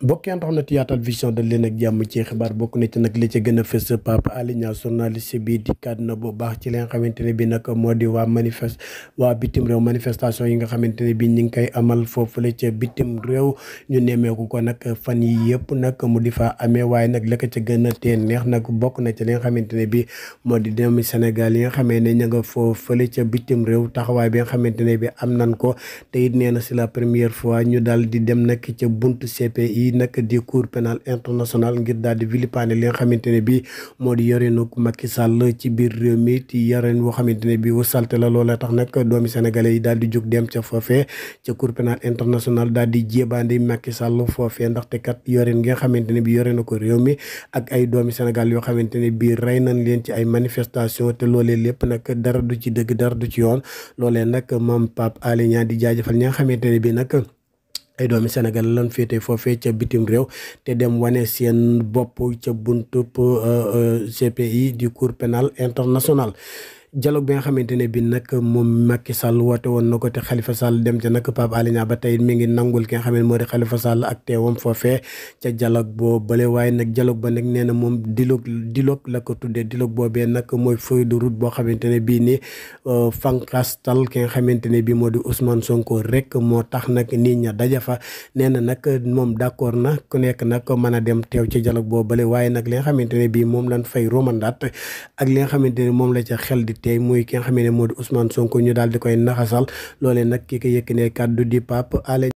bokkeen tax na ci yaatal vision da leen ak jàmm ci xibaar bokk na ci nag li ci gën a fës Pape Alé Niang journaliste bi dikkaat na bu baax ci li nga xamante ne bi nag moo di waa manifeste waa bitim réew manifestation yi nga xamante ne bi ñu ngi koy amal foofu foofule ca bitim réew ñu nemmeeku ko nag fan yi yëpp nag mu di fa amee waaye nag la ca gën a tee neex nag bokk na ci li nga xamante ne bi moo di dem Sénégal yi nga xamee ne ña nga foofule ca bitim réew taxawaay bi nga xamante ne bi am nan ko te it nee na c'est la première fois ñu daal di dem nag ca buntu CPI lii nag di cour pénal international ngir daal di vilipaane li nga xamante ne bii moo di yoreenu Macky Sall ci biir réew mi ci yoreen woo xamante ne bii wu salte la tax nag doomi sénégalais yi daal di jóg dem ca foofee ca cour pénal daal di jébaandi Macky Sall foofee ndaxte kat yoreen nga xamante ne bii yore na ko réew mi ak ay doomi Sénégal yoo xamante ne bii rey nañ leen ci ay manifestation te loolee lépp nag dara du ci dëgg dara du ci yoon loolee nag moom Pape Alé Niang di jaajëfal ñi nga xamante ne bii nag ay doomi Sénégal lan féete foofee ca bitim réew te dem wane seen bopp ca buntub CPI euh, euh, di Cour pénale internationale dialogue bi nga xamante ne bi nag moom Macky Sall woote woon na ko te Khalifa Sall dem ca nag Pape Alé Niang ba tey mi ngi nangul ki nga xam moo di Khalifa ak teewam foofee ca dialogue boo bële waaye nag dialogue ba nag nee na moom dialogue dialogue la ko tuddee dialogue boobee nag mooy feuille de route boo xamante ne bii ni euh, fankastal ki nga xamante ne bi moo di Ousmane Sonko rek moo tax nag nit ña daja fa nee na nag moom d'accord na ku nekk nag mën a dem teew ci dialogue boo bële waaye nag li nga xamante ne bii moom lañ fay romandaat ak li nga xamante ne moom la ca xel di tey muy ki nga ne moo di Ousmane Sonko ñu daal di koy naxasal loolee nag ki yëkk ne kàddu di Pape Alé